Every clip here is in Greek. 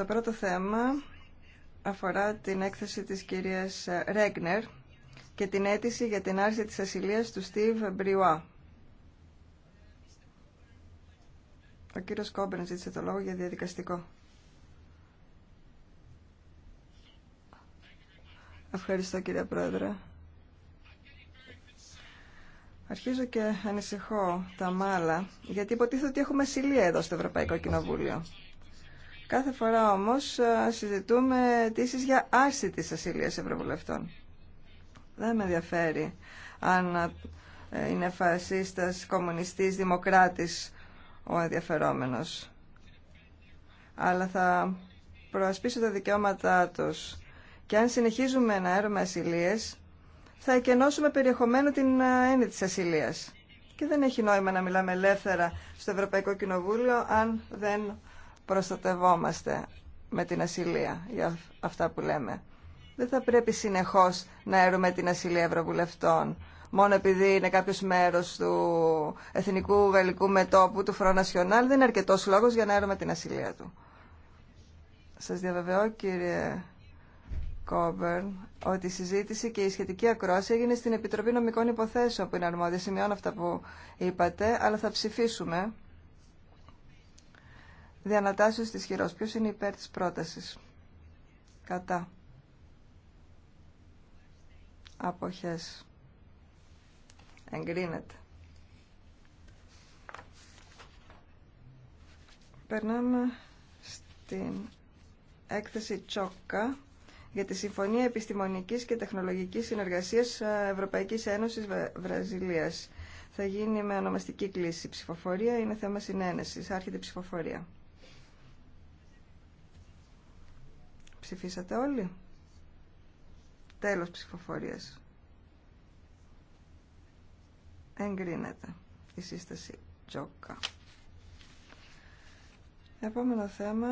Το πρώτο θέμα αφορά την έκθεση της κυρίας Ρέγνερ και την αίτηση για την άρση της ασυλίας του Στίβ Μπριουά. Ο κύριος Κόμπεν ζήτησε το λόγο για διαδικαστικό. Ευχαριστώ κύριε Πρόεδρε. Αρχίζω και ανησυχώ τα μάλα, γιατί υποτίθεται ότι έχουμε ασυλία εδώ στο Ευρωπαϊκό Κοινοβούλιο. Κάθε φορά όμως ε, συζητούμε αιτήσει για άρση της ασυλίας ευρωβουλευτών. Δεν με ενδιαφέρει αν ε, είναι φασίστας, κομμουνιστής, δημοκράτης ο ενδιαφερόμενος. Αλλά θα προασπίσω τα δικαιώματά τους. Και αν συνεχίζουμε να έρουμε ασυλίες, θα εκενώσουμε περιεχομένου την ε, έννοια της ασυλίας. Και δεν έχει νόημα να μιλάμε ελεύθερα στο Ευρωπαϊκό Κοινοβούλιο αν δεν προστατευόμαστε με την ασυλία για αυτά που λέμε. Δεν θα πρέπει συνεχώς να έρουμε την ασυλία ευρωβουλευτών μόνο επειδή είναι κάποιο μέρος του Εθνικού Γαλλικού Μετόπου, του Front National, δεν είναι αρκετός λόγος για να έρουμε την ασυλία του. Σας διαβεβαιώ κύριε Κόμπερν ότι η συζήτηση και η σχετική ακρόαση έγινε στην Επιτροπή Νομικών Υποθέσεων που είναι αρμόδια. Σημειώνω αυτά που είπατε, αλλά θα ψηφίσουμε Διανατάσσεως της χειρός. Ποιος είναι υπέρ της πρότασης. Κατά. Αποχές. Εγκρίνεται. Περνάμε στην έκθεση Τσόκα για τη Συμφωνία Επιστημονικής και Τεχνολογικής Συνεργασίας Ευρωπαϊκής Ένωσης Βραζιλίας. Θα γίνει με ονομαστική κλίση. Ψηφοφορία είναι θέμα συνένεσης. Άρχεται η ψηφοφορία. Ψηφίσατε όλοι. Τέλος ψηφοφορίας. Εγκρίνεται η σύσταση Τζόκα. Επόμενο θέμα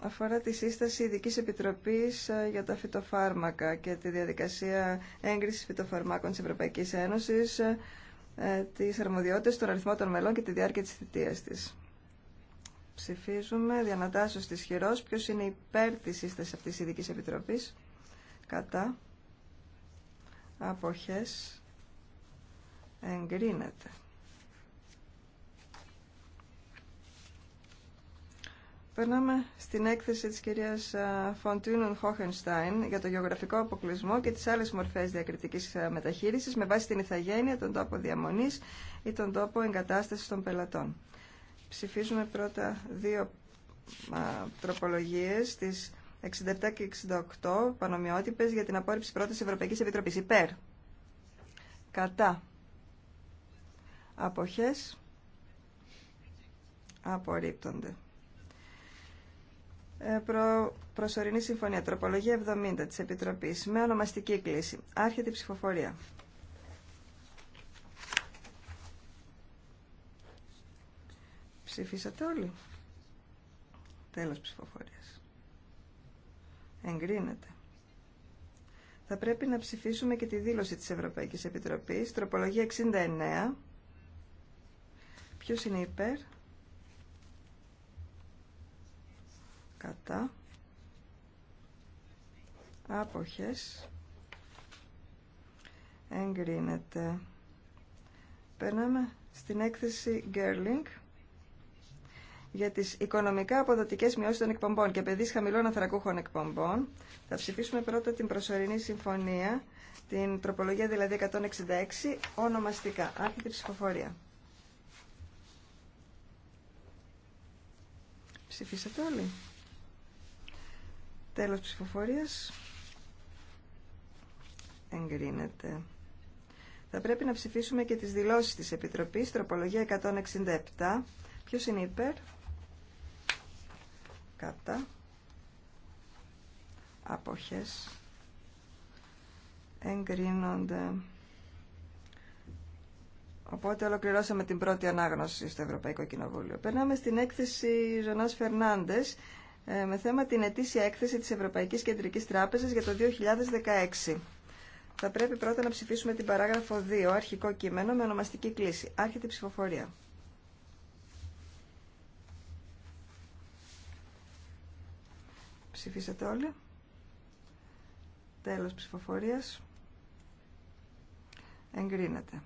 αφορά τη σύσταση ειδική Επιτροπής ε, για τα φυτοφάρμακα και τη διαδικασία έγκρισης φυτοφαρμάκων της Ευρωπαϊκής Ένωσης, ε, ε, τις αρμοδιότητες, τον αριθμό των μελών και τη διάρκεια της θητείας της. Ψηφίζουμε Διανατάσσω τη χειρός. Ποιος είναι υπέρ τη σύσταση αυτής τη ειδική επιτροπή Κατά. Αποχές. Εγκρίνεται. Περνάμε στην έκθεση της κυρίας Φοντίνων Χόχενστάιν για το γεωγραφικό αποκλεισμό και τις άλλες μορφές διακριτικής μεταχείρισης με βάση την ηθαγένεια, τον τόπο διαμονής ή τον τόπο εγκατάστασης των πελατών. Ψηφίζουμε πρώτα δύο τροπολογίες, τις 67 και 68, πανομοιότυπες για την απόρριψη πρώτης Ευρωπαϊκής Επιτροπής. Υπέρ. Κατά. Αποχές. Απορρίπτονται. Ε, προ... Προσωρινή συμφωνία. Τροπολογία 70 της Επιτροπής. Με ονομαστική κλίση. Άρχεται η ψηφοφορία. Ψηφίσατε όλοι. Τέλος ψηφοφορίας. Εγκρίνεται. Θα πρέπει να ψηφίσουμε και τη δήλωση της Ευρωπαϊκής Επιτροπής, τροπολογία 69. Ποιος είναι υπέρ? Κατά. Άποχες. Εγκρίνεται. Περνάμε στην έκθεση Gerling για τι οικονομικά αποδοτικές μειώσει των εκπομπών και παιδείς χαμηλών ανθρακούχων εκπομπών. Θα ψηφίσουμε πρώτα την προσωρινή συμφωνία, την τροπολογία δηλαδή 166, ονομαστικά. Άρχεται ψηφοφορία. Ψηφίσατε όλοι. Τέλος ψηφοφορίας. Εγκρίνεται. Θα πρέπει να ψηφίσουμε και τις δηλώσεις της Επιτροπής, τροπολογία 167. Ποιος είναι υπέρ? κατά αποχές εγκρίνονται. Οπότε ολοκληρώσαμε την πρώτη ανάγνωση στο Ευρωπαϊκό Κοινοβούλιο. Περνάμε στην έκθεση Ζωνάς Φερνάντες ε, με θέμα την ετήσια έκθεση της Ευρωπαϊκής Κεντρικής Τράπεζας για το 2016. Θα πρέπει πρώτα να ψηφίσουμε την παράγραφο 2, αρχικό κείμενο, με ονομαστική κλίση. Άρχεται η ψηφοφορία. Ψηφίσατε όλοι. Τέλος ψηφοφορίας. Εγκρίνεται.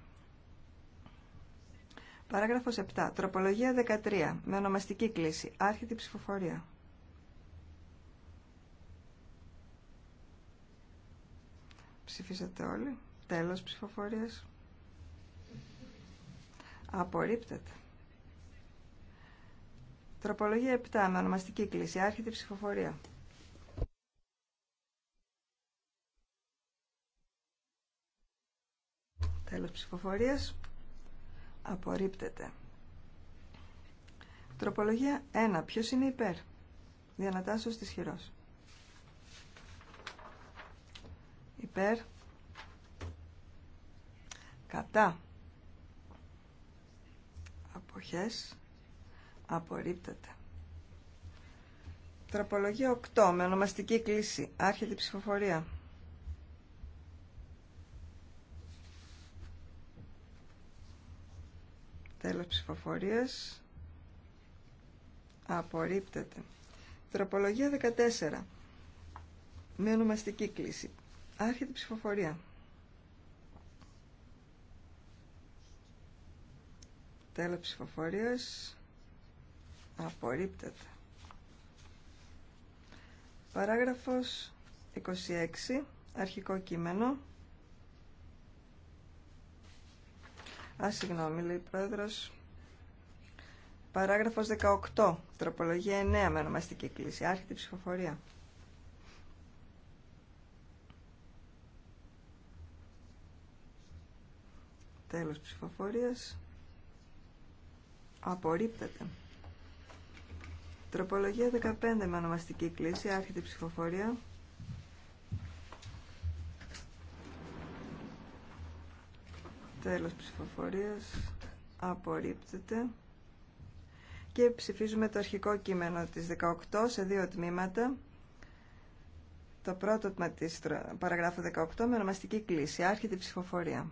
Παράγραφος 7. Τροπολογία 13. Με ονομαστική κλίση. Άρχεται ψηφοφορία. Ψηφίσατε όλοι. Τέλος ψηφοφορίας. Απορρίπτεται. Τροπολογία 7. Με ονομαστική κλίση. Άρχεται ψηφοφορία. Τέλος ψηφοφορίας. Απορρίπτεται. Τροπολογία 1. Ποιος είναι υπέρ. Διανατάσσεως της χειρός. Υπέρ. Κατά. Αποχές. Απορρίπτεται. Τροπολογία 8. Με ονομαστική κλίση. Άρχεται η ψηφοφορία. ψηφοφορίας απορρίπτεται. Τροπολογία 14. Με ονομαστική κλίση. Άρχεται η ψηφοφορία. Τέλος ψηφοφορίας απορρίπτεται. Παράγραφος 26. Αρχικό κείμενο. Α, συγγνώμη, λέει η πρόεδρος. Παράγραφος 18. Τροπολογία 9 με ονομαστική κλίση. Άρχεται η ψηφοφορία. Τέλος ψηφοφορίας. Απορρίπτεται. Τροπολογία 15 με ονομαστική κλίση. Άρχεται η ψηφοφορία. Τέλος ψηφοφορίας. Απορρίπτεται και ψηφίζουμε το αρχικό κείμενο της 18 σε δύο τμήματα. Το πρώτο τμήμα της παραγράφου 18 με ονομαστική κλίση. Άρχεται η ψηφοφορία.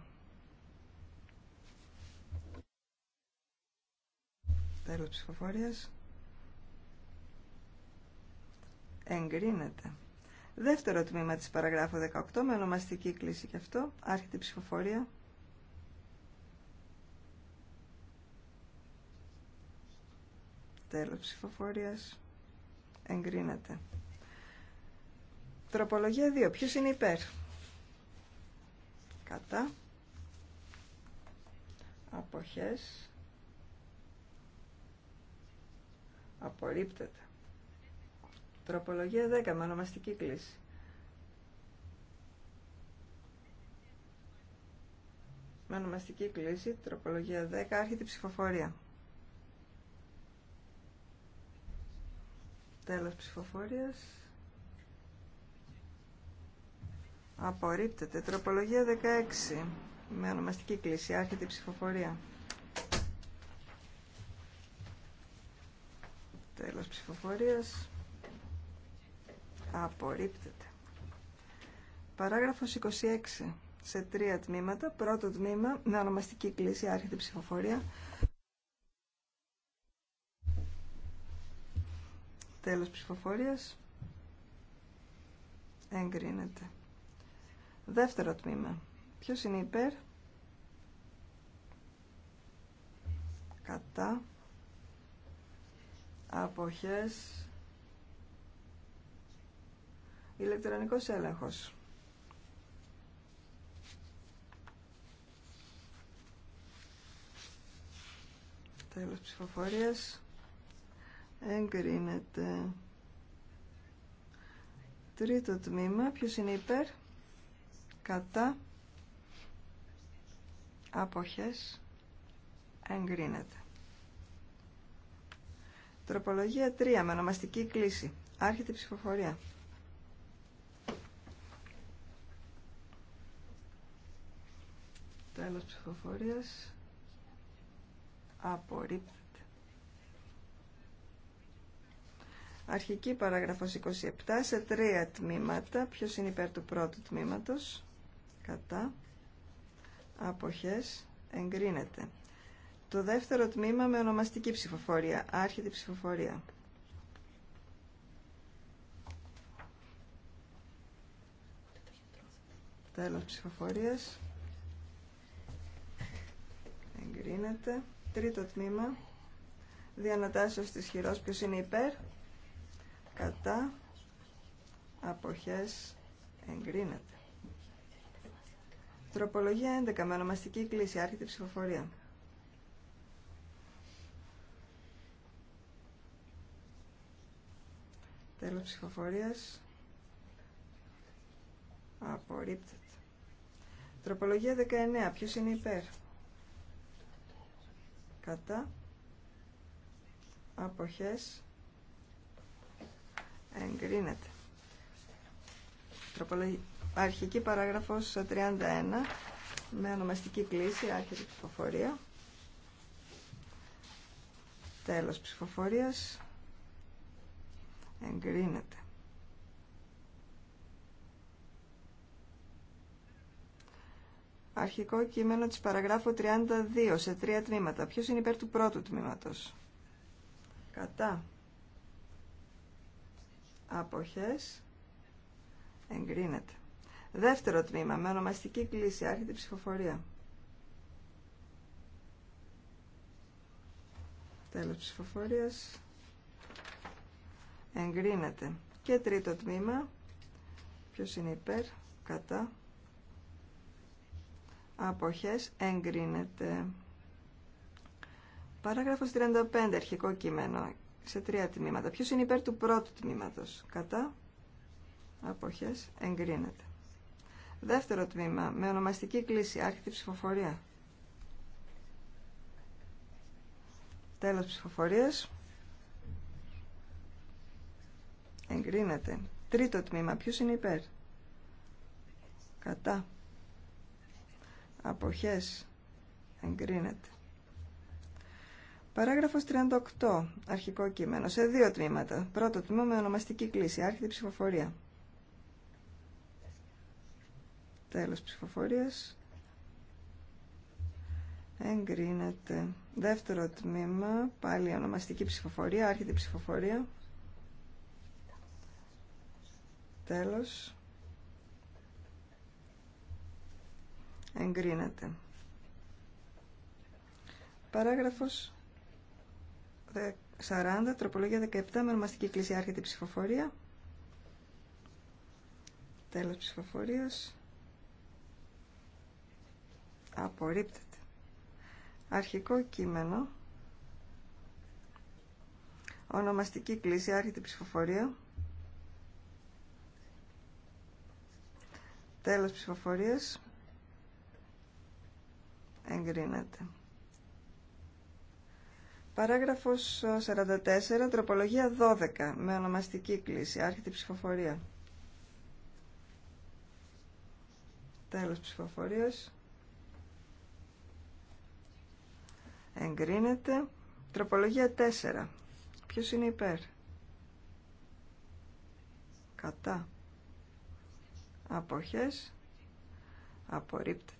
Τέλος ψηφοφορίας. Εγκρίνεται. Δεύτερο τμήμα της παραγράφου 18 με ονομαστική κλίση και αυτό. Άρχεται η ψηφοφορία. Τέλος ψηφοφορίας. Εγκρίνεται. Τροπολογία 2. Ποιος είναι υπέρ. Κατά. Αποχές. Απορρίπτεται. Τροπολογία 10 με ονομαστική κλίση. Με ονομαστική κλίση, τροπολογία 10, άρχεται η ψηφοφορία. Τέλος ψηφοφορίας. Απορρίπτεται. Τροπολογία 16. Με ονομαστική κλίση. Άρχεται η ψηφοφορία. Τέλος ψηφοφορίας. Απορρίπτεται. Παράγραφος 26. Σε τρία τμήματα. Πρώτο τμήμα με ονομαστική κλίση. Άρχεται η ψηφοφορία. Τέλος ψηφοφορίας. Εγκρίνεται. Δεύτερο τμήμα. Ποιος είναι υπέρ. Κατά. Αποχές. Ηλεκτρονικός έλεγχος. Τέλος ψηφοφορίας. Εγκρίνεται. Τρίτο τμήμα. Ποιος είναι υπέρ. Κατά. Αποχές. Εγκρίνεται. Τροπολογία 3. Με ονομαστική κλίση. Άρχεται η ψηφοφορία. Τέλος ψηφοφορίας. Απορρίπτω. Αρχική παράγραφος 27 σε τρία τμήματα. Ποιος είναι υπέρ του πρώτου τμήματος. Κατά. Αποχές. Εγκρίνεται. Το δεύτερο τμήμα με ονομαστική ψηφοφορία. Άρχεται ψηφοφορία. Τέλος ψηφοφορίας. Εγκρίνεται. Τρίτο τμήμα. Διανατάσεως της χειρός. Ποιος είναι υπέρ κατά αποχές εγκρίνεται. Τροπολογία 11 με ονομαστική κλίση, άρχεται ψηφοφορία. Τέλος ψηφοφορίας. Απορρίπτεται. Τροπολογία 19. Ποιος είναι υπέρ. Κατά. Αποχές. Εγκρίνεται. Αρχική παράγραφος 31 με ονομαστική κλίση, της ψηφοφορία. Τέλος ψηφοφορίας. Εγκρίνεται. Αρχικό κείμενο της παραγράφου 32 σε τρία τμήματα. Ποιος είναι υπέρ του πρώτου τμήματος. Κατά αποχές εγκρίνεται. Δεύτερο τμήμα με ονομαστική κλίση άρχεται η ψηφοφορία. Τέλος ψηφοφορίας εγκρίνεται. Και τρίτο τμήμα ποιος είναι υπέρ, κατά αποχές εγκρίνεται. Παράγραφος 35, αρχικό κείμενο σε τρία τμήματα. Ποιος είναι υπέρ του πρώτου τμήματος. Κατά αποχές εγκρίνεται. Δεύτερο τμήμα με ονομαστική κλίση άρχιτη ψηφοφορία. Τέλος ψηφοφορίας. Εγκρίνεται. Τρίτο τμήμα. Ποιος είναι υπέρ. Κατά. Αποχές. Εγκρίνεται. Παράγραφος 38, αρχικό κείμενο, σε δύο τμήματα. Πρώτο τμήμα με ονομαστική κλίση, άρχιτη ψηφοφορία. Τέλος ψηφοφορίας. Εγκρίνεται. Δεύτερο τμήμα, πάλι ονομαστική ψηφοφορία, άρχιτη ψηφοφορία. Τέλος. Εγκρίνεται. Παράγραφος 40, τροπολογία 17 με ονομαστική κλίση άρχεται η ψηφοφορία. Τέλος ψηφοφορίας. Απορρίπτεται. Αρχικό κείμενο. Ονομαστική κλίση άρχεται η ψηφοφορία. Τέλος ψηφοφορίας. Εγκρίνεται. Παράγραφος 44, ε, τροπολογία 12, με ονομαστική κλίση, άρχεται η ψηφοφορία. Τέλος ψηφοφορίας. Εγκρίνεται. Τροπολογία 4. Ποιος είναι υπέρ. Κατά. Αποχές. Απορρίπτεται.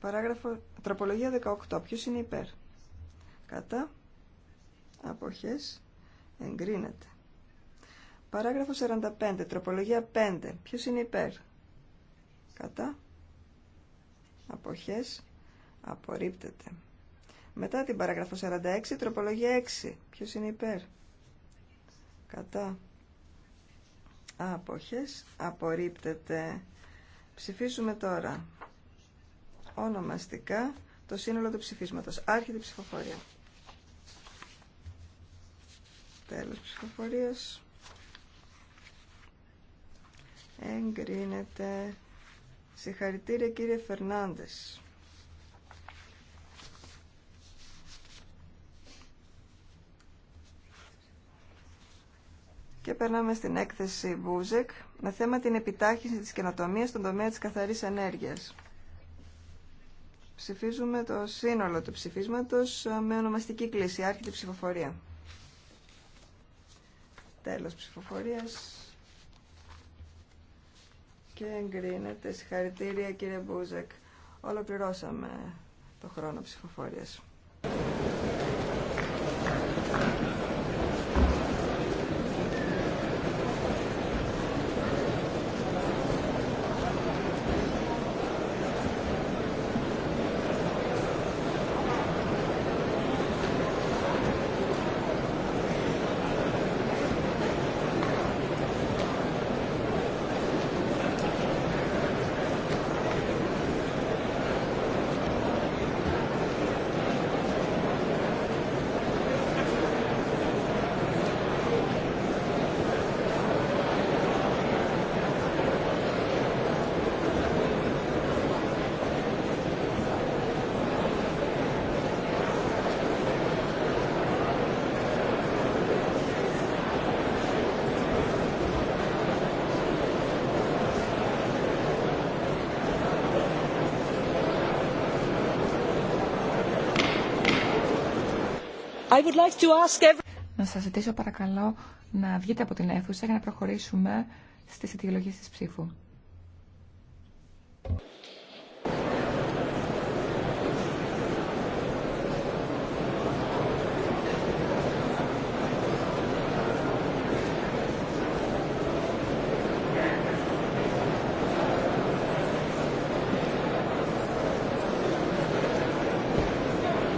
Παράγραφο τροπολογία 18. Ποιος είναι υπέρ. Κατά. Αποχές. Εγκρίνεται. Παράγραφο 45. Τροπολογία 5. Ποιος είναι υπέρ. Κατά. Αποχές. Απορρίπτεται. Μετά την παράγραφο 46. Τροπολογία 6. Ποιος είναι υπέρ. Κατά. Αποχές. Απορρίπτεται. Ψηφίσουμε τώρα ονομαστικά το σύνολο του ψηφίσματος. Άρχεται η ψηφοφορία. Τέλος ψηφοφορίας. Εγκρίνεται. Συγχαρητήρια κύριε Φερνάντες. Και περνάμε στην έκθεση Μπούζεκ με θέμα την επιτάχυνση της καινοτομίας στον τομέα της καθαρής ενέργειας. Ψηφίζουμε το σύνολο του ψηφίσματος ε, με ονομαστική κλίση, άρχιτη ψηφοφορία. Τέλος ψηφοφορίας. Και εγκρίνεται. Συγχαρητήρια κύριε Μπούζεκ. Ολοκληρώσαμε το χρόνο ψηφοφορίας. Να σας ζητήσω παρακαλώ να βγείτε από την αίθουσα για να προχωρήσουμε στις αιτιολογίες της ψήφου.